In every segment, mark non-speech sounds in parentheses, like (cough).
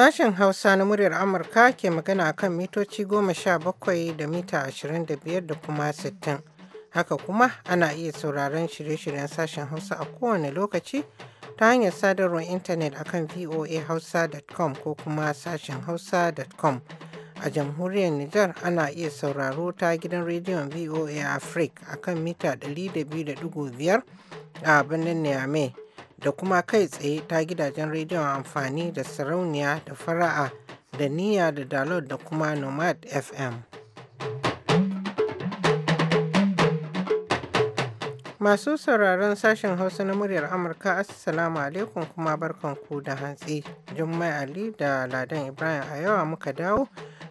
Sashen Hausa na muryar Amurka ke magana a kan mitoci goma sha bakwai da mita ashirin da biyar da kuma sittin. Haka kuma ana iya sauraron shirye-shiryen sashen Hausa a kowane lokaci ta hanyar sadarwar intanet a kan voahausa.com ko kuma sashen hausa.com. A jamhuriyar Nijar ana iya sauraro ta gidan rediyon VOA Africa a kan mita 200.5 a birnin Niamey. da kuma kai tsaye ta gidajen rediyon amfani da sarauniya da fara'a da niyya da dalot da kuma nomad fm masu sauraron sashen hausa na muryar amurka assalamu alaikum kuma barkanku da hantsi jummai ali da ladan ibrahim a yawa muka dawo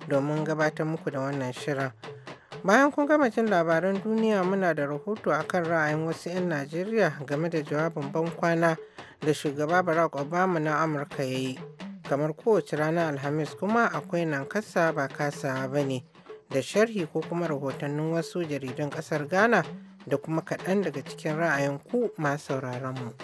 domin gabatar muku da wannan shirin Bayan kun gama jin labaran duniya muna da rahoto a kan ra'ayin wasu 'yan Najeriya game da jawabin bankwana da shugaba Barack Obama na Amurka ya yi. Kamar kowace ranar Alhamis kuma akwai nan kasa ba kasa ba ne da sharhi ko kuma rahotannin wasu jaridun ƙasar Ghana da kuma kaɗan daga cikin ra'ayin ku masu sauraron mu.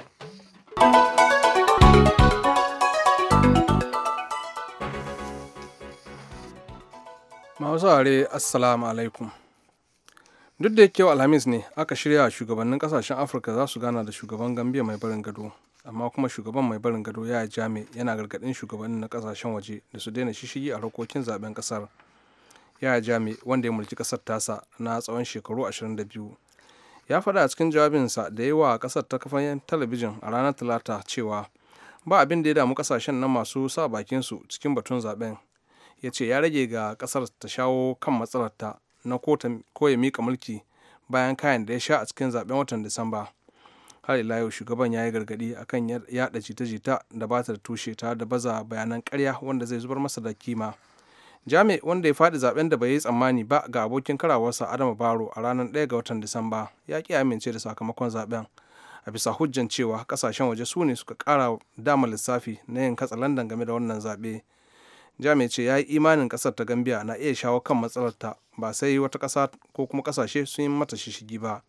masu are assalamu alaikum duk da yake alhamis ne aka shirya shugabannin kasashen afirka za su gana da shugaban gambia mai barin gado amma kuma shugaban mai barin gado ya jami yana gargadin shugabannin na kasashen waje da su daina shishigi a harkokin zaben kasar ya jami wanda ya mulki kasar tasa na tsawon shekaru 22 ya faɗa a cikin jawabinsa da ya wa kasar ta kafan talabijin a ranar talata cewa ba abin da ya damu kasashen nan masu sa bakinsu cikin batun zaben ya ce ya rage ga kasar ta shawo kan matsalarta na ko ya mika mulki bayan kayan da ya sha a cikin zaben watan disamba har ila yau shugaban ya yi gargadi kan yaɗa jita-jita da ba ta da tushe ta da baza bayanan karya wanda zai zubar masa da kima jami wanda ya faɗi zaben da bai yi tsammani ba ga abokin karawarsa adama baro a ranar 1 ga watan disamba ya ki amince da sakamakon zaben a bisa hujjan cewa kasashen waje su ne suka kara dama lissafi na yin katsa landan game da wannan zaɓe jami'in ce ya yi imanin kasar ta gambia na iya shawo kan matsalarta ba sai wata kasa ko kuma kasashe sun yi mata shishigi ba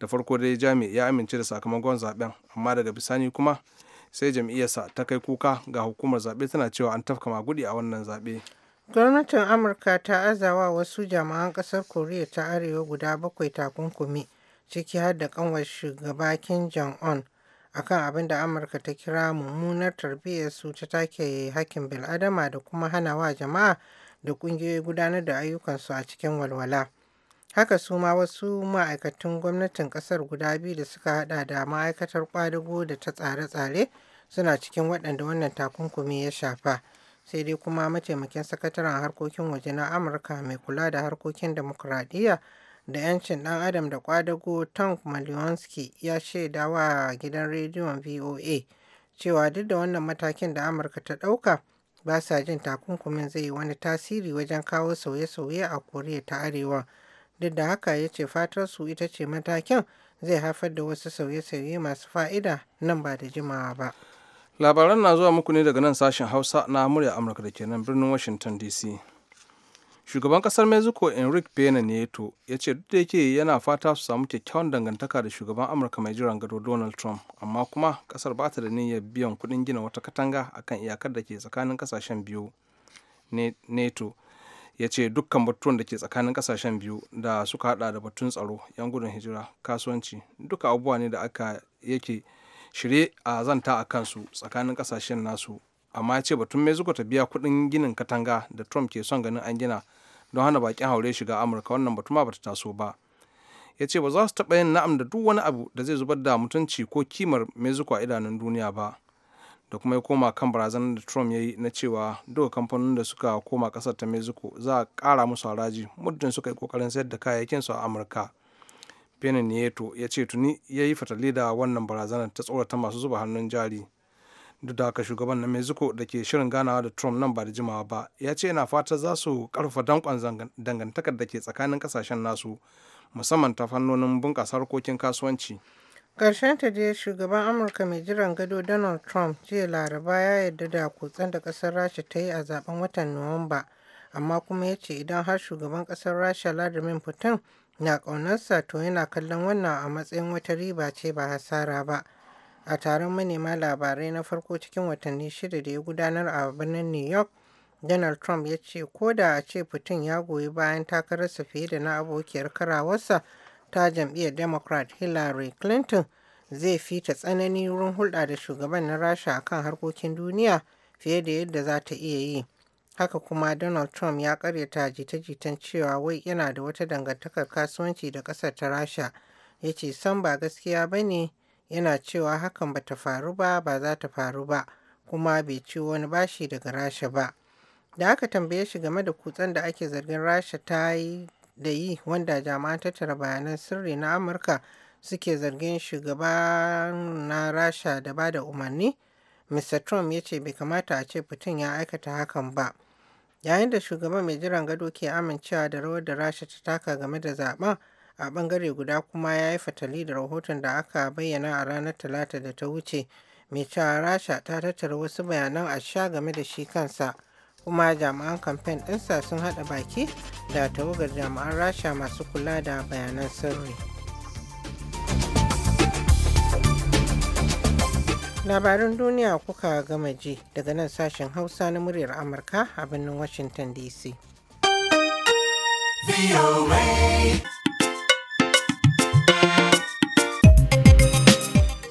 da farko dai jami ya amince da sakamakon zaben amma daga bisani kuma sai jam'iyyarsa ta kai kuka ga hukumar zaɓe tana cewa an tafka magudi a wannan zaɓe. gwamnatin amurka ta azawa wasu jami'an ƙasar koriya ta arewa guda bakwai takunkumi ciki har da kanwar shugaba kim jong un akan abin da Amurka ta kira mummunar tarbiyyar su ta take hakkin bil'adama da kuma hana wa jama'a da ƙungiyoyi gudanar da ayyukansu a cikin walwala. Haka su ma wasu ma'aikatan gwamnatin ƙasar guda biyu da suka hada da ma'aikatar ƙwadago da ta tsare-tsare suna cikin waɗanda wannan takunkumi ya shafa. Sai dai kuma mataimakin sakataren harkokin waje na Amurka mai kula da harkokin demokuraɗiyya da 'yancin ɗan adam da kwadago Tom Malewski ya shaida wa gidan rediyon VOA cewa duk da wannan matakin da Amurka ta ɗauka ba sa jin takunkumin zai yi wani tasiri wajen kawo sauye-sauye a Koriya ta Arewa. Duk da haka ya ce fatar su ita ce matakin zai haifar da wasu sauye-sauye masu fa'ida nan ba da jimawa ba. Labaran na zuwa muku ne daga nan sashen Hausa na murya Amurka da ke birnin Washington DC. shugaban kasar mexico enrique pena nieto ya ce duk da yake yana fata su samu kyakkyawan dangantaka da shugaban amurka mai jiran gado donald trump amma kuma kasar ba ta da niyyar biyan kudin gina wata katanga akan iyakar da ke tsakanin kasashen biyu neto ya ce dukkan batun da ke tsakanin kasashen biyu da suka hada da batun tsaro yan gudun hijira kasuwanci duka abubuwa ne da aka yake shirye a zanta a kansu tsakanin kasashen nasu amma ya ce batun mexico ta biya kudin ginin katanga da trump ke son ganin an gina don hana bakin haure shiga amurka wannan batu ma bata taso ba ya ce ba za su taɓa yin na'am da duk wani abu da zai zubar da mutunci ko kimar mexico a idanun duniya ba da kuma ya koma kan barazanar da trump ya yi na cewa duka kamfanonin da suka koma ƙasar ta mexico za a ƙara musu haraji muddin suka yi kokarin sayar da kayayyakin su a amurka pena ya ce tuni ya yi fatali da wannan barazanar ta tsorata masu zuba hannun jari duk da haka shugaban na mexico da ke shirin ganawa da trump nan ba da jimawa ba ya ce yana fata za su karfafa dankon dangantakar da ke tsakanin kasashen nasu musamman ta fannonin bunƙasa harkokin kasuwanci ta dai shugaban amurka mai jiran gado donald trump jiya laraba ya yarda da kutsen da ƙasar rasha ta yi a zaben watan nuwamba amma kuma ya ce idan har shugaban ƙasar rasha vladimir putin na ƙaunarsa to yana kallon wannan a matsayin wata riba ce ba hasara ba a taron manema labarai na farko cikin watanni shida da ya gudanar a birnin New York, Donald Trump ya ce ko da a ce Putin ya goyi bayan takararsa fiye da na abokiyar karawarsa ta jam'iyyar Democrat Hillary Clinton zai fi ta tsanani wurin hulɗa da shugaban na Rasha a kan harkokin duniya fiye da yadda za ta iya yi. Haka kuma Donald Trump ya karyata jita-jitan cewa wai yana da wata dangantakar kasuwanci da ƙasar ta Rasha. Ya ce san ba gaskiya ba ne yana cewa hakan ba ta faru ba ba za ta faru ba kuma bai ci wani bashi daga rasha ba da aka tambaye shi game da kutsen da ake zargin rasha ta yi da yi wanda jami'an tattara bayanan sirri na amurka suke zargin shugaba na rasha da ba da umarni mr trump ya ce bai kamata a ce putin ya aikata hakan ba yayin da shugaban mai jiran gado ke amincewa da rawar da rasha ta taka game da zaben a ɓangare guda kuma ya yi fatali da rahoton da aka bayyana a ranar talata da ta wuce mai cewa rasha ta tattara wasu bayanan a sha game da shi kansa kuma jami'an kamfen ɗinsa sun haɗa baki da tawagar jami'an rasha masu kula da bayanan sirri labarin duniya kuka gama ji daga nan sashen hausa na muryar amurka a birnin washington dc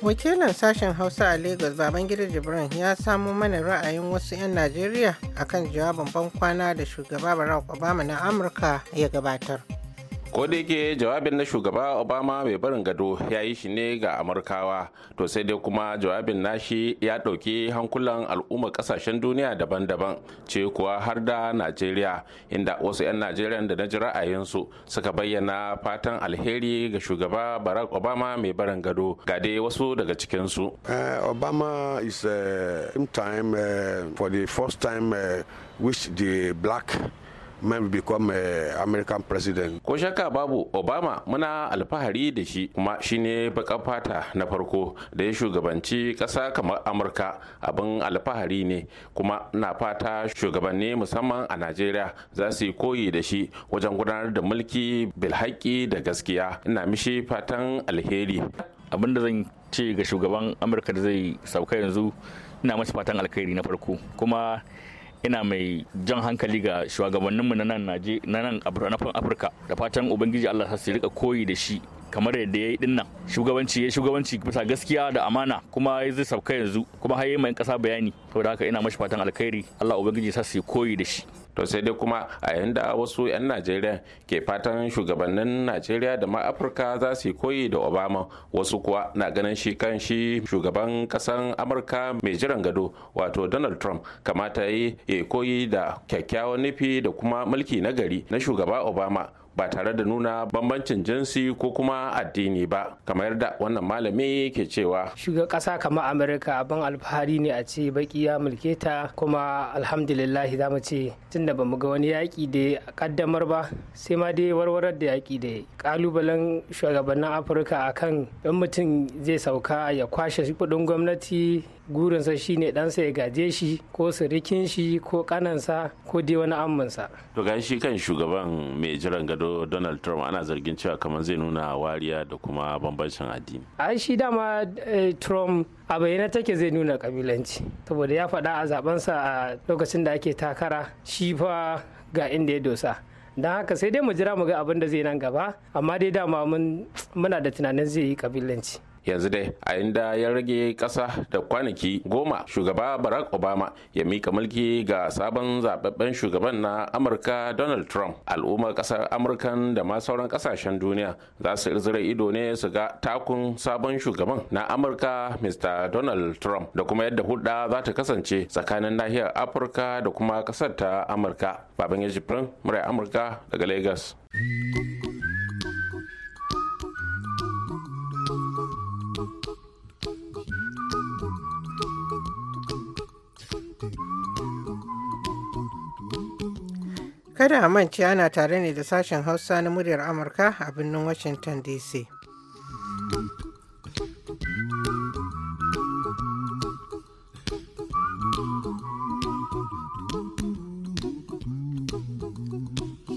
wakilin sashen hausa a lagos babangida jibran ya samo mana ra'ayin wasu 'yan najeriya akan jawabin Ban kwana da shugaba barack obama na amurka ya gabatar ko da yake jawabin na shugaba obama mai barin gado ya yi shi ne ga amurkawa to sai dai kuma jawabin nashi ya ɗauki hankulan al'ummar ƙasashen duniya daban-daban ce kuwa har da najeriya inda wasu 'yan najeriya da na ji ra'ayinsu suka bayyana fatan alheri ga shugaba barack obama mai barin gado ga dai wasu daga cikinsu eh, obama is which eh, eh, the black may become uh, American president. Ko shakka babu Obama muna alfahari da shi kuma shine bakan fata na farko da ya shugabanci ƙasa kamar Amurka abin alfahari ne kuma na fata shugabanni musamman a Najeriya za su yi koyi da shi wajen gudanar da mulki bilhaki da gaskiya ina mishi fatan alheri. Abin da zan ce ga shugaban Amurka da zai sauka yanzu ina masa fatan alheri na farko kuma ina mai jan hankali ga shugabanninmu na nan afirka da fatan ubangiji allah su rika koyi da shi kamar yadda ya yi dinnan shugabanci ya shugabanci bisa gaskiya da amana kuma ya zai sauka yanzu kuma har yi mai kasa bayani to da haka ina mashi fatan alkhairi Allah ubangiji sa su koyi da shi to sai dai kuma a yayin da wasu 'yan najeriya ke fatan shugabannin najeriya da ma afirka za su koyi da obama wasu kuwa na ganin shi kan shi shugaban kasan amurka mai jiran gado wato donald trump kamata ya koyi da kyakkyawan nufi da kuma mulki na gari na shugaba obama ba tare da nuna bambancin jinsi ko kuma addini ba kamar yadda wannan malami ke cewa shugaban kasa kamar amurka abin alfahari ne a ce baki ya mulke ta kuma alhamdulillah za mu ce tunda bamu ga wani yaƙi da ya kaddamar ba sai ma dai warwarar da yaƙi da kalubalen shugabannin afirka akan in mutum zai sauka ya kwashe kuɗin gwamnati gurinsa shine ɗansa ya gaje shi ko sirikin shi ko kanansa ko dai wani amminsa. To ga shi kan shugaban mai jiran gado Donald Trump ana zargin cewa kamar zai nuna wariya da kuma bambancin addini. Ai shi dama eh, Trump a bayyana take zai nuna kabilanci saboda ya faɗa a zabensa a lokacin da ake takara shi fa ga inda ya dosa. don haka sai dai mu jira mu ga abin da zai nan gaba amma dai dama muna da tunanin zai yi kabilanci yanzu dai a inda ya rage kasa da kwanaki goma shugaba barack obama ya mika mulki ga sabon zababben shugaban na amurka donald trump al'ummar kasar amurkan da ma sauran kasashen duniya za su irzira ido ne su ga takun sabon shugaban na amurka mr donald trump da kuma yadda hulɗa za ta kasance tsakanin nahiyar afirka da kuma kasar ta amurka baban ya jibrin murai amurka daga lagos Kada a manci ana tare ne da sashen Hausa na muryar Amurka a birnin Washington DC.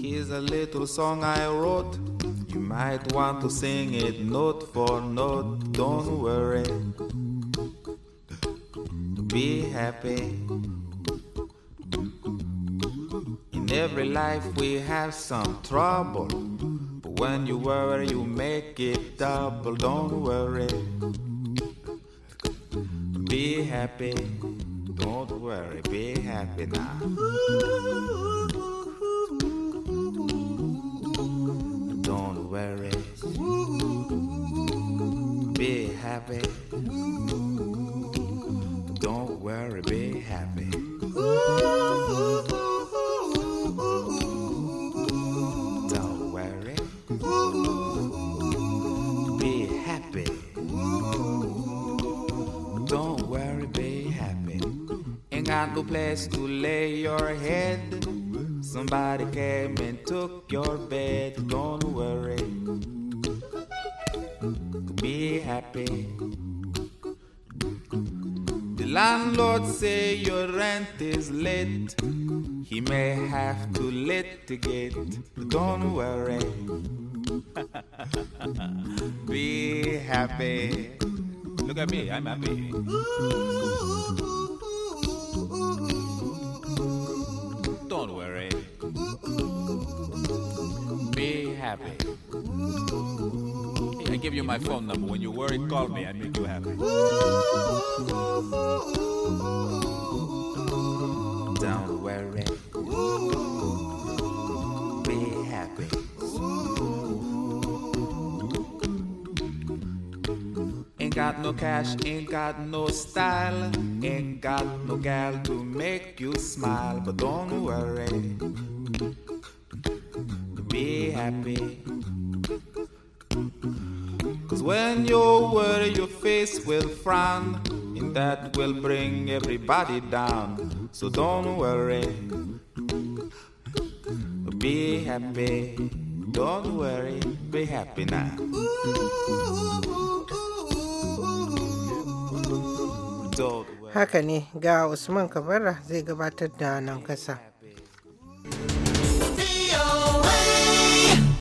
Here's a little song I wrote. You might want to sing it note for note. Don't worry. Be happy every life we have some trouble. But when you worry, you make it double. Don't worry. Be happy. Don't worry. Be happy now. Don't worry. Be happy. Don't worry. Be happy. place to lay your head. Somebody came and took your bed. Don't worry, be happy. The landlord say your rent is late. He may have to litigate. Don't worry, be happy. Look at me, I'm happy. happy. I give you my phone number. When you worry, call me. I make you happy. Don't worry. Be happy. Ain't got no cash, ain't got no style, ain't got no gal to make you smile, but don't worry happy. Cause when you worry, your face will frown, and that will bring everybody down. So don't worry, be happy. Don't worry, be happy now. Haka ne ga Usman Kabara zai gabatar da nan kasa.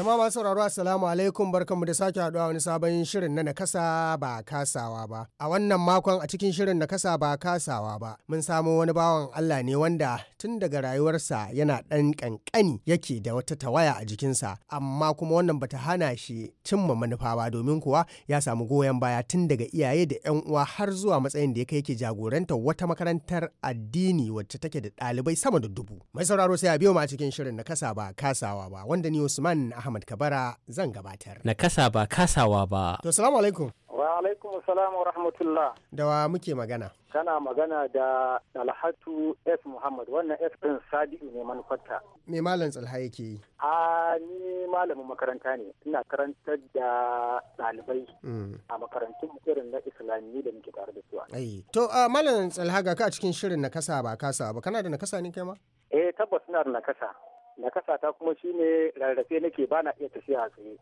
Jama'a masu sauraro Assalamu alaikum barkanmu da sake haɗuwa wani sabon shirin na nakasa ba kasawa ba. A wannan makon a cikin shirin nakasa ba kasawa ba mun samo wani bawan Allah ne wanda tun daga rayuwarsa yana ɗan ƙanƙani yake da wata tawaya a jikinsa amma kuma wannan bata hana shi cimma manufa ba domin kuwa ya samu goyon baya tun daga iyaye da 'yan uwa har zuwa matsayin da ya kai yake jagoranta wata makarantar addini wacce take da ɗalibai sama da dubu. Mai sauraro sai a biyo ma a cikin shirin nakasa ba kasawa ba wanda ni Usman Ahmad Kabara zan gabatar. Na kasa ba kasawa ba. To salamu alaikum. Wa alaikum salam wa rahmatullah. Da wa muke magana? Kana magana da Alhatu S Muhammad wannan S ɗin sadi ne manufarta. Me malam tsalha yake yi? A ni malamin makaranta ne. Ina karantar da ɗalibai mm. a makarantun irin na Islami da muke tare da su. Ai. To malam tsalha ga ka cikin shirin na kasa ba kasa ba kana da na kasa ne kai ma? Eh tabbas ina da na kasa. na ta kuma shine rarrafe nake ba na iya tafiya a tsaye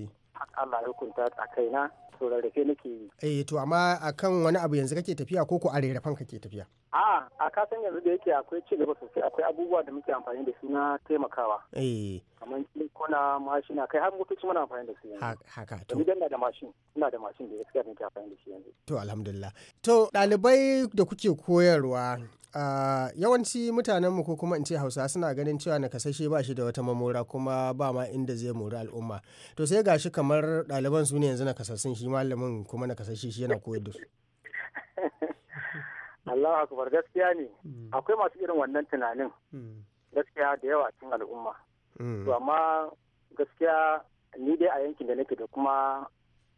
eh. Allah ya hukunta a kaina to rarrafe nake yi eh to amma akan wani abu yanzu kake tafiya ko ko a rarrafen kake tafiya a a kasan yanzu da yake akwai ci gaba sosai akwai abubuwa da muke amfani da su na taimakawa eh kamar kuna mashina kai har motoci muna amfani da su yanzu haka to idan na da mashin ina da mashin da gaskiya nake amfani da shi yanzu to alhamdulillah to dalibai da kuke koyarwa Uh, yawanci mutanenmu ko kuma in ce hausa suna ganin cewa nakasashe ba shi da wata mamora kuma ba ma inda zai mori al'umma to sai gashi kamar ɗaliban su ne yanzu nakasassun shi malamin kuma kasashe shi yana koyar da su (laughs) Allah akbar gaskiya ne hmm. akwai masu irin wannan tunanin hmm. gaskiya da yawa cikin al'umma hmm. to amma gaskiya ni dai a yankin da nake da kuma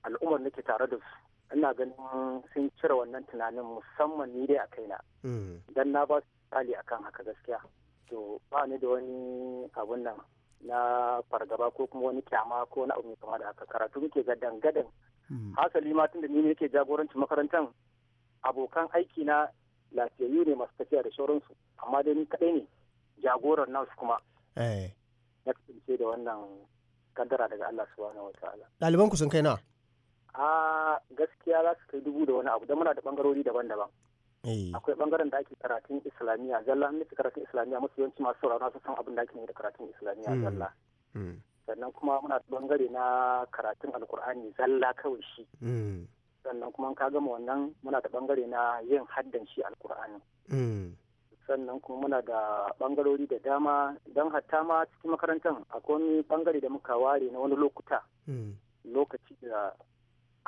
al'ummar nake tare da su ina ganin sun cire wannan tunanin musamman ni dai a kaina hmm. dan na ba su a kan haka gaskiya to ba ni da wani abun nan na fargaba ko kuma wani kyama ko na abu kama da haka karatu muke gadan dangadan hmm. hasali ma tun da ni ke jagorancin makarantar abokan aiki na lafiyayyu ne masu tafiya da sauransu amma dai ni kaɗai ne jagoran nasu kuma eh. na kasance da wannan kaddara daga Allah subhanahu wa ta'ala ɗaliban ku sun kai nawa ah, gaskiya za su kai dubu da wani abu don muna da bangarori daban-daban eh. akwai bangaren da ake karatun islamiyya zalla an karatun islamiyya masu yawanci masu saurara su san abin da ake da karatun islamiyya hmm. zalla hmm. sannan kuma muna da bangare na karatun alkur'ani zalla kawai shi hmm. sannan kuma ka gama wannan muna da bangare na yin haddan shi alkur'ani sannan kuma muna da bangarori da dama don hatta ma cikin makarantar akwai wani bangare da muka ware na wani lokuta lokaci da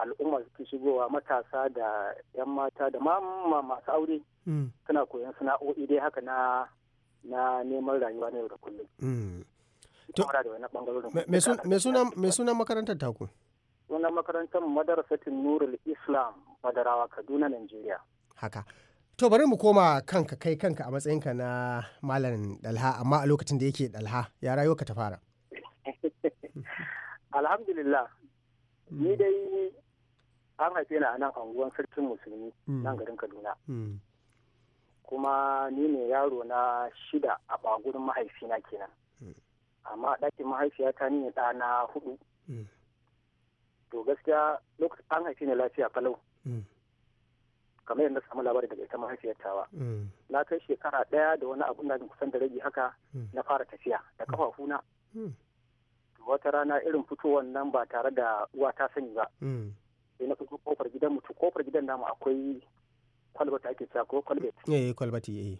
al'umma suke shigowa matasa da 'yan mata da mamma masu aure mm. suna koyon sana'o'i dai haka na na neman rayuwa na yau da kullum. Mm. Me sunan makarantar taku? Sunan makarantar madarasatin Nurul Islam Madarawa Kaduna, Najeriya. Haka. To bari mu koma kanka kai kanka a matsayinka na Malam dalha amma a lokacin da yake dalha ya rayuwa ka ta fara. (laughs) Alhamdulillah. Ni dai an haife ni a nan anguwan sarkin musulmi mm. nan garin kaduna mm. kuma ni ne yaro na shida a bagurin mahaifina kenan mm. amma a mahaifiya mahaifiyata ni ne na hudu to gaskiya lokacin an haife ni lafiya falau kamar yadda samu labari daga ita mahaifiyar tawa na kai shekara ɗaya da wani abu na kusan da rage haka na fara tafiya da kafafuna wata rana irin fitowar nan ba tare da uwa ta sani ba sai na fito kofar gidan mu kofar gidan namu akwai kwalbat ake cewa ko kwalbat eh kwalbat eh, eh.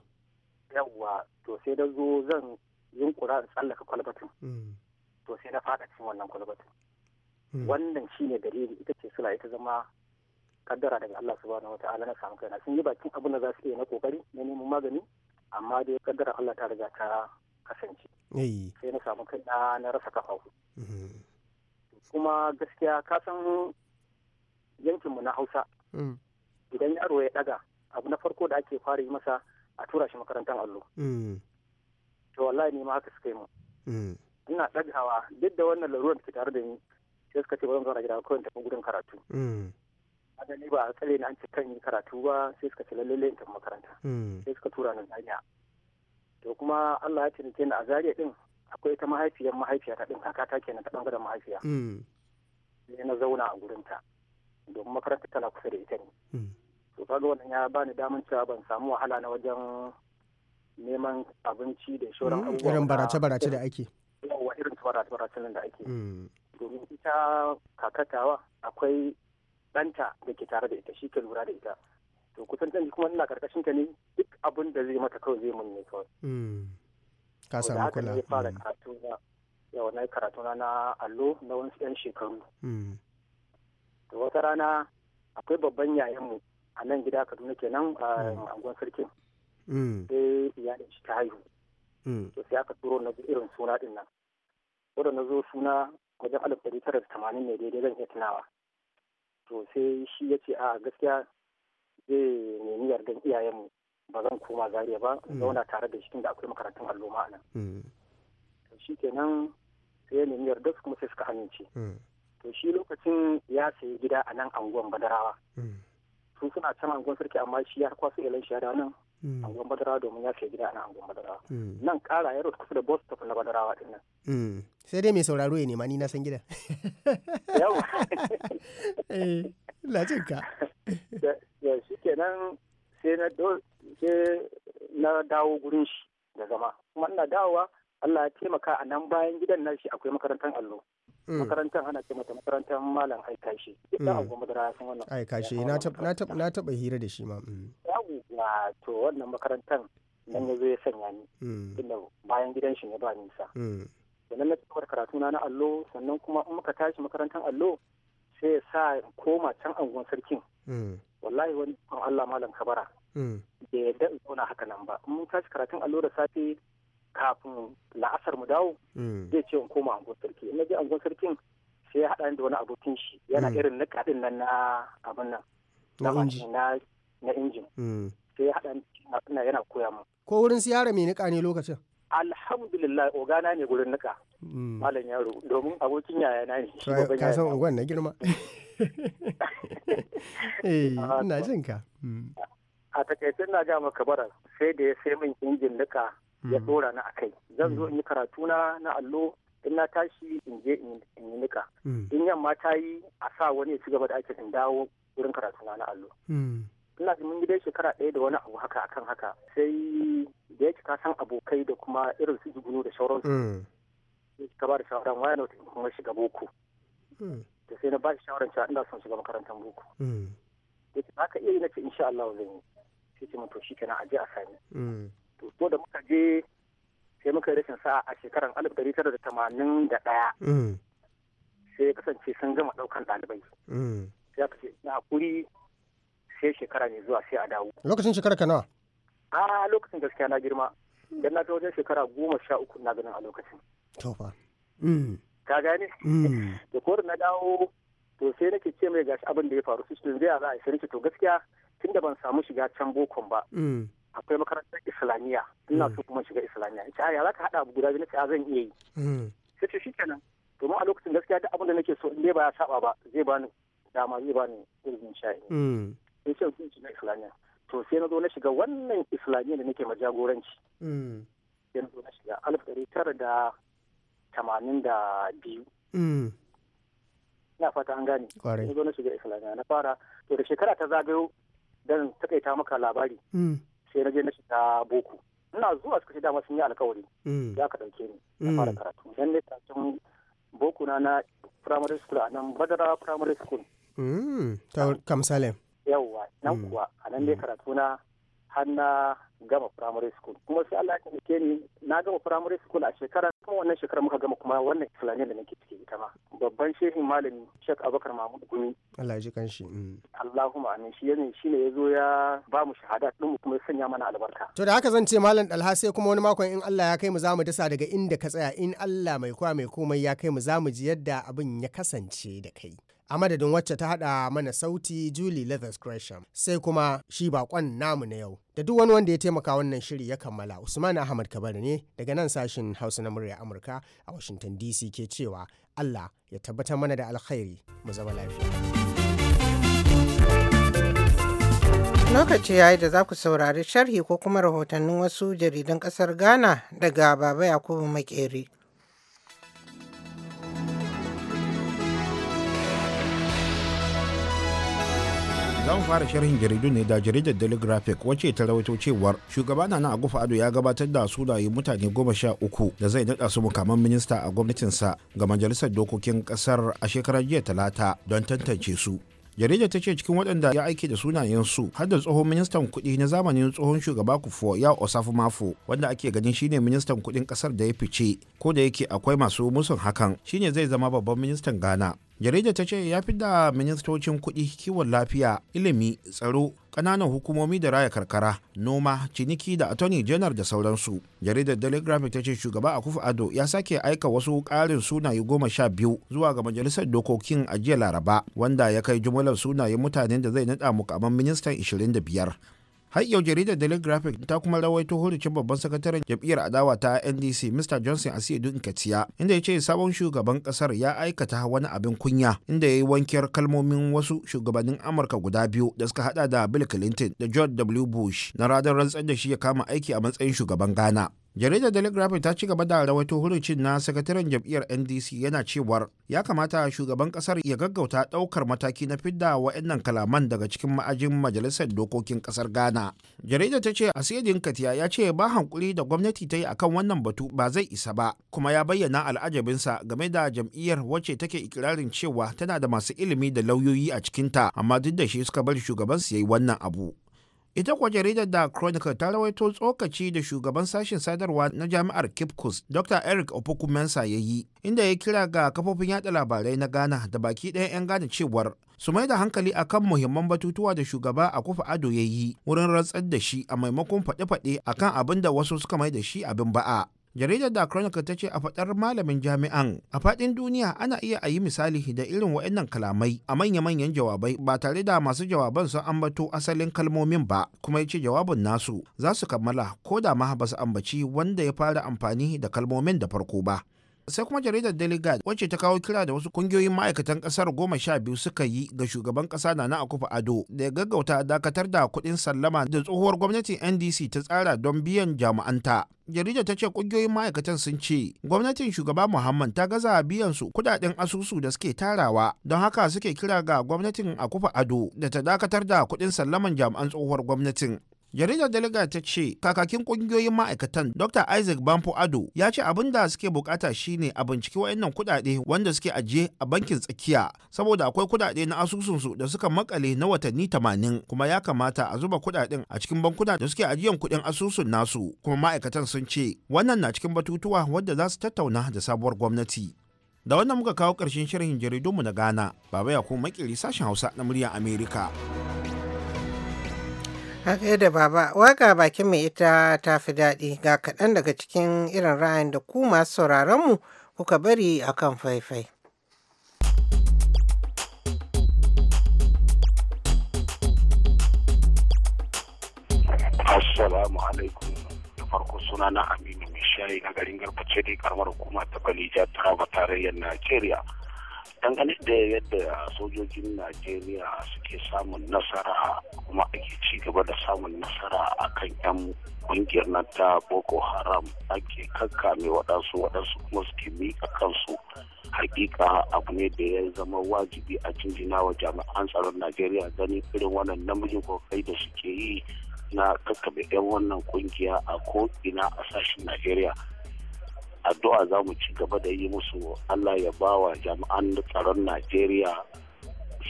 yawa to sai da zo zan yunkura da tsallaka kwalbatin mm. to sai na fada cikin wannan kwalbatin mm. wannan shine dalili ita ce sula ita zama kaddara daga Allah subhanahu wataala na samu kaina sun yi bakin abin da za su iya na kokari na neman magani amma dai kaddara Allah ta riga ta kasance eh. sai na samu kaina na rasa kafa mm-hmm. kuma gaskiya ka san yankinmu na hausa mm. idan yaro ya daga abu na farko da ake fara yi masa a tura shi makarantar allo mm. to wallahi ne ma haka suka yi mu mm. ina dagawa duk da wannan laruwar da ke tare da ni sai suka ce ba zan zauna gida kawai tafi gudun karatu haka ni ba a tsare ni an ce kan yi karatu ba sai suka ce lalle in tafi makaranta sai suka tura ni zariya to kuma Allah ya taimake ni a zariya din akwai ta mahaifiyar mahaifiya ta din kakata kenan ta bangaren mahaifiya sai na zauna a gurin ta domin makarantar tana kusa da ita ne hmm. to kaga wannan ya bani daman cewa ban samu wahala na wajen neman abinci da shoran hmm, abubuwa irin barace barace da ake Yawwa irin barace barace nan da ake hmm. domin ita kakatawa akwai ɗanta da ke tare da ita shi ke lura da ita to kusan kuma ina karkashin ta ne duk abin da zai mata kawai zai mun ne kawai ka samu kula da fara karatu na yawa na karatu na allo na wani yan shekaru da wata rana akwai babban yayanmu a nan gida kaduna kenan a mm. angon sarkin mm. sai iyalin shi ta haihu mm. to sai aka turo na irin suna din nan wanda na zo suna wajen alif dari tara da tamanin ne daidai zan iya tunawa to sai shi ya ce a gaskiya zai nemi yardan iyayenmu ba zan koma zariya ba zauna tare da shi da akwai makarantun alloma a nan shi kenan sai ya nemi yarda kuma sai suka amince to shi lokacin ya sayi gida a nan anguwan badarawa hmm. su suna can anguwan sarki amma shi ya kwasu ilan shi ya nan hmm. anguwan badarawa domin ya sayi gida a nan anguwan badarawa hmm. nan kara ya kusa da bus stop na badarawa din nan sai dai mai sauraro ya nema ni na san gida (laughs) yawa (laughs) eh lajin ka ya shi kenan sai na sai na dawo gurin shi da zama kuma ina dawowa Allah ya taimaka a nan bayan gidan nan shi akwai makarantar allo Mm. makarantar ana ce mata makarantar malam aikashi duk da mm. abubuwan ya wannan aikashi na taba hira da shi ma na mm. to wannan makarantar nan ya zo ya sanya ni inda bayan gidan shi ne ba nisa sannan na tabar karatu na na allo sannan kuma in muka tashi makarantar allo sai ya sa koma can angon sarkin wallahi wani Allah malam kabara da ya da zauna haka nan ba mun tashi karatun allo da safe kafin la'asar mu dawo mm. zai ce in koma angon sarki in na je angon sarkin sai ya haɗa da wani abokin shi yana mm. irin na din nan na abin nan na injin mm. sai ya haɗa ina yana koya mu ko wurin siyara mai nika ne lokacin alhamdulillah ogana ne gurin nika malam yaro domin abokin yaya na ne ka san unguwan na girma (laughs) eh ah, ina jin ka a takaitun na ga maka bara sai da ya sai min injin nika ya mm. dora na akai zan zo mm. in yi karatu na na allo in na tashi in je in yi nika mm. in yamma ta yi a sa wani ya ci gaba da ake in dawo wurin karatu na na allo ina da mun dai shekara ɗaya da wani abu haka akan haka sai da ya cika san abokai da kuma irin su jigunu da shauran su ka ba da shawaran waya na wata kuma shiga boko da sai na ba shi shawaran cewa ina son shiga makarantar boko da ce haka iya yi na ce insha Allah zan yi sai ce mun shi kenan a je a sami to ko da muka je sai muka rashin sa a shekarar alif dari tara da tamanin da ɗaya mm. sai kasance sun gama ɗaukan ɗalibai mm. sai aka ce na kuri sai shekara ne zuwa sai a dawo lokacin shekara ka nawa a lokacin gaskiya na girma idan na ta wajen shekara goma sha uku na ganin a lokacin to fa mm. ka gane (laughs) da ko na dawo to sai nake ce mai gashi abin da ya faru su zai za a shirki to gaskiya tunda ban samu shiga can bokon ba akwai makarantar islamiyya ina mm. so kuma shiga islamiyya in ce ya za ka haɗa abu guda biyu na ce ah, zan iya yi mm. sai ce shi kenan domin a lokacin gaskiya duk abin da nake so in dai ba ya saba ba zai bani dama zai bani ilimin sha'i. Mm. sai ce zan shiga islamiyya to sai na zo na shiga wannan islamiyya da nake ma jagoranci sai na zo na shiga alif ɗari tara da tamanin da biyu ina fata an gane na zo na shiga islamiyya na fara to da shekara ta zagayo dan takaita maka labari sai na je na shiga boko ina zuwa suka ce dama sun yi alkawari mm. ya ka ɗauke ni na mm. fara karatu dan ne karatun boko na na primary school a nan badara primary school mm. ta salem yawwa nan kuwa a nan ne karatu na har na gama primary school kuma sai Allah ya taimake ni na gama primary school a shekara kuma wannan shekarar muka gama kuma wannan fulani da nake ciki ita ma babban shehin malami shekh Abubakar Mahmud Gumi Allah ji kanshi mm. Allahumma amin shi ne shi ne yazo ya ba mu shahada din mu kuma ya sanya mana albarka to da haka zan ce malam Dalha sai kuma wani makon in Allah ya kai mu zamu dasa daga inda ka tsaya in Allah mai kwa mai komai ya kai mu zamu ji yadda abin ya kasance da kai a madadin wacce ta hada mana sauti Julie Leathers Gresham sai kuma shi bakon namu na yau da duk wani wanda ya taimaka wannan shiri ya kammala Usman Ahmad Kabari ne daga nan sashin Hausa na murya Amurka a Washington DC ke cewa Allah ya tabbatar mana da alkhairi mu zama lafiya. Lokaci ya yi da za ku saurari sharhi ko kuma rahotannin wasu jaridan ƙasar Ghana daga Baba Yakubu Makeri. za mu fara sharhin jaridu ne da jaridar telegraphic wacce ta rawaito cewar shugaba na na agufa ado ya gabatar da sunaye mutane goma sha uku da zai naɗa su mukamman minista a gwamnatinsa ga majalisar dokokin kasar a shekarar jiya talata don tantance su jarida ta ce cikin waɗanda ya aiki da su har da tsohon ministan kuɗi na zamanin tsohon shugaba kufuwa ya osafu mafo wanda ake ganin shine ministan kuɗin ƙasar da ya fice ko da yake akwai masu musun hakan shine zai zama babban ministan ghana jarida ta ce ya fi da ministocin kuɗi kiwon lafiya ilimi tsaro ƙananan hukumomi da raya karkara noma ciniki da attorney general da sauransu jaridar daily ta ce shugaba a akufu ado ya sake aika wasu ƙarin sunaye goma sha biyu zuwa ga majalisar dokokin a jiya laraba wanda ya kai jumlar sunayen mutanen da zai naɗa mukamman ministan 25 har yau jaridar daily graphic ta kuma rawaito hurucin babban sakataren jam'iyyar adawa ta ndc mr johnson asiedu kaciya inda ya ce sabon shugaban kasar ya aikata wani abin kunya inda ya yi wankiyar kalmomin wasu shugabannin amurka guda biyu da suka hada da bill clinton da george w bush na radar rantsar da shi ya kama aiki a matsayin shugaban ghana jaridar daily ta ci gaba da rawaito hurucin na sakataren jam'iyyar ndc yana cewar ya kamata shugaban kasar ya gaggauta daukar mataki na fidda wa'annan kalaman daga cikin ma'ajin majalisar dokokin kasar ghana jaridar ta ce asiyadin katiya ya ce ba hankuri da gwamnati ta yi akan wannan batu ba zai isa ba kuma ya bayyana al'ajabinsa game da jam'iyyar wacce take ikirarin cewa tana da masu ilimi da lauyoyi a cikinta amma duk da shi suka bar su ya yi wannan abu ita kuwa jaridar da chronicle ta rawaito tsokaci da shugaban sashen sadarwa na jami'ar kipkus dr eric opokumensa ya yi inda ya kira ga kafofin yada labarai na ghana da baki ɗaya 'yan ghana cewar su mai da hankali a kan muhimman batutuwa da shugaba a kufa ado ya yi wurin rantsar da shi a maimakon faɗe-faɗe kan abin da wasu suka mai da shi abin ba'a jaridar da chronicle ta ce a faɗar malamin jami'an a faɗin duniya ana iya a yi misali da irin waɗannan kalamai a manya-manyan jawabai ba tare da masu jawaban sun ambato asalin kalmomin ba kuma ya ce jawabin nasu za su kammala ko da ma ba su ambaci wanda ya fara amfani da kalmomin da farko ba sai kuma jaridar daily guard wacce ta kawo kira da wasu kungiyoyin ma'aikatan kasar goma sha biyu suka yi ga shugaban kasa na akufa ado da ya gaggauta dakatar da kuɗin sallama da tsohuwar gwamnatin ndc ta tsara don biyan jami'anta jaridar ta ce kungiyoyin ma'aikatan sun ce gwamnatin shugaba muhammad ta gaza biyan su kudaden asusu da suke tarawa don haka suke kira ga gwamnatin akufa ado da ta dakatar da kuɗin sallaman jami'an tsohuwar gwamnatin jaridar delega ta ce kakakin kungiyoyin ma'aikatan dr isaac Bampo ado ya ce abin da suke bukata shine a binciki wayannan kudade wanda suke ajiye a bankin tsakiya saboda akwai kudade na asusunsu da suka makale na watanni 80 kuma ya kamata a zuba kudaden a cikin bankuna da suke ajiyan kudin asusun nasu kuma ma'aikatan sun ce wannan na cikin batutuwa wadda za su tattauna da sabuwar gwamnati da wannan muka kawo karshen shirin jaridunmu na ghana baba ya kuma makiri sashen hausa na muryar america Haka da baba, waka bakin mai ita ta fi daɗi ga kaɗan daga cikin irin ra'ayin da ku masu sauraronmu kuka bari a kan faifai. Assalamu alaikum da farko suna na Aminu Mishayi na garin Garba da karamar hukuma ta Balija Taraba tarayyar Najeriya. dangane da yadda sojojin najeriya suke samun nasara kuma ake ci gaba da samun nasara a kan 'yan kungiyar nan ta boko haram ake kakkame waɗansu waɗansu kuma suke miƙa kansu hakika abu ne da ya zama wajibi a jinjina wa jami'an tsaron najeriya ganin irin wannan namijin kokai da suke yi na kakkabe 'yan wannan kungiya a ko'ina a sashen najeriya addu'a za mu ci gaba da yi musu allah ya bawa jami'an tsaron najeriya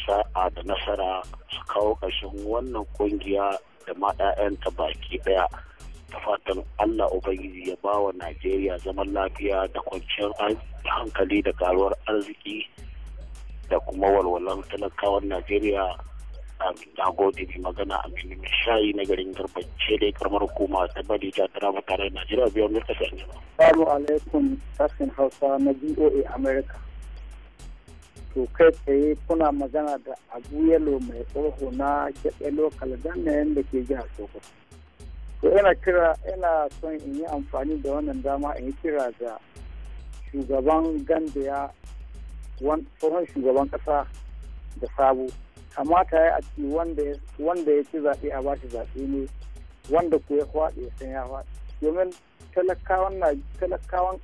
sa'a da nasara su kawo ƙarshen wannan kungiya da ma 'ya'yanta baki ɗaya ta fatan allah ubangiji ya ba wa najeriya zaman lafiya da kwanciyar hankali da karuwar arziki da kuma walwalar talakawan najeriya na gode mai magana a mai shayi na garin ce da karamar hukuma ta bari ta tara ba tare da najeriya biyar murka ta ne salamu alaikum sashen hausa na boa america to kai tsaye kuna magana da abu yalo mai tsoho na kyaɗe lokal na yadda ke jihar sokoto to ina kira yana son in yi amfani da wannan dama in yi kira ga shugaban gandaya tsohon shugaban ƙasa da sabo kamata ya a wanda ya ci zaɓe a bashi zaɓe ne wanda ku ya faɗi ya san ya faɗi domin talakawan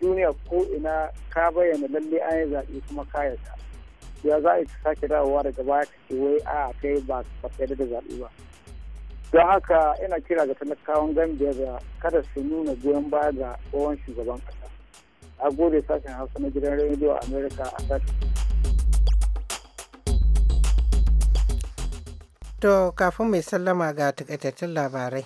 duniya ko ina ka bayyana lalle an yi zaɓe kuma ka ta ya za a sake dawowa daga baya ka ce wai a kai ba ka da zaɓe ba don haka ina kira ga talakawan gambia da kada su nuna goyon baya ga tsohon shugaban ƙasa a gode sashen hausa na gidan rediyo america a sashen To kafin mai sallama ga takaitattun labarai.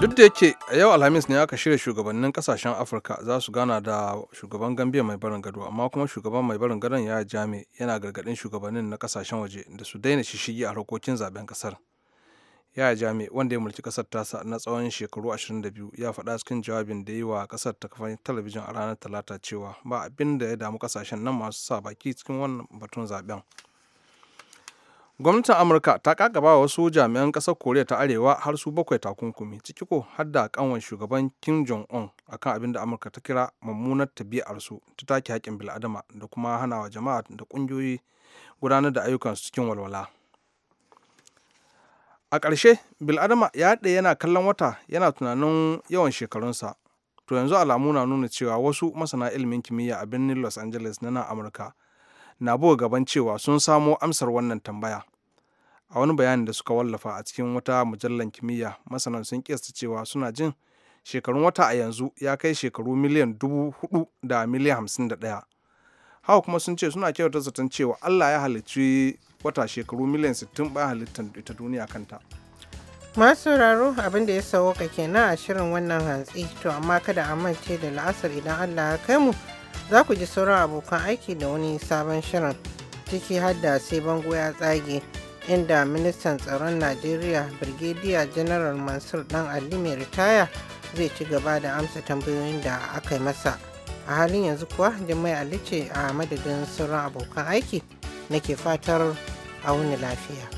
Duk da yake a yau Alhamis ne aka shirya shugabannin kasashen Afirka za su gana da shugaban Gambia mai barin gado amma kuma shugaban mai barin gadon ya jami yana gargadin shugabannin na kasashen waje da su daina shishigi a harkokin zaben kasar. yaya jami wanda ya mulki kasar tasa na tsawon shekaru 22 ya faɗa cikin jawabin da yi wa kasar ta kafin talabijin a ranar talata cewa ba abin da ya damu kasashen nan masu sa baki cikin wannan batun zaben gwamnatin amurka ta kakaba wasu jami'an kasar koriya ta arewa har su bakwai takunkumi ciki ko har da kanwan shugaban kim jong un akan abin da amurka ta kira mummunar tabi'arsu ta take hakin bil'adama da kuma hana wa jama'a da kungiyoyi gudanar da ayyukansu cikin walwala a ƙarshe bil'adama ya haɗe yana kallon wata yana tunanin yawan shekarunsa to yanzu alamu na nuna cewa wasu masana ilimin kimiyya a birnin los angeles na nan amurka na buga gaban cewa sun samo amsar wannan tambaya a wani bayanin da suka wallafa a cikin wata mujallar kimiyya masana sun kiyasta cewa suna jin shekarun wata a yanzu ya kai shekaru miliyan dubu hudu da miliyan hamsin da ɗaya hawa kuma sun ce suna kyautar zaton cewa allah ya halicci wata shekaru miliyan 60 ba halittar ita duniya kanta masu raro abin da ya ka kenan a shirin wannan hantsi to amma kada a mance da la'asar idan allah ya kai mu za ku ji sauran abokan aiki da wani sabon shirin ciki har da sai bango ya tsage inda ministan tsaron najeriya brigadier general mansur dan ali mai ritaya zai ci gaba da amsa tambayoyin da aka yi masa a halin yanzu kuwa jimai ali ce a madadin sauran abokan aiki nake fatar auni lafiya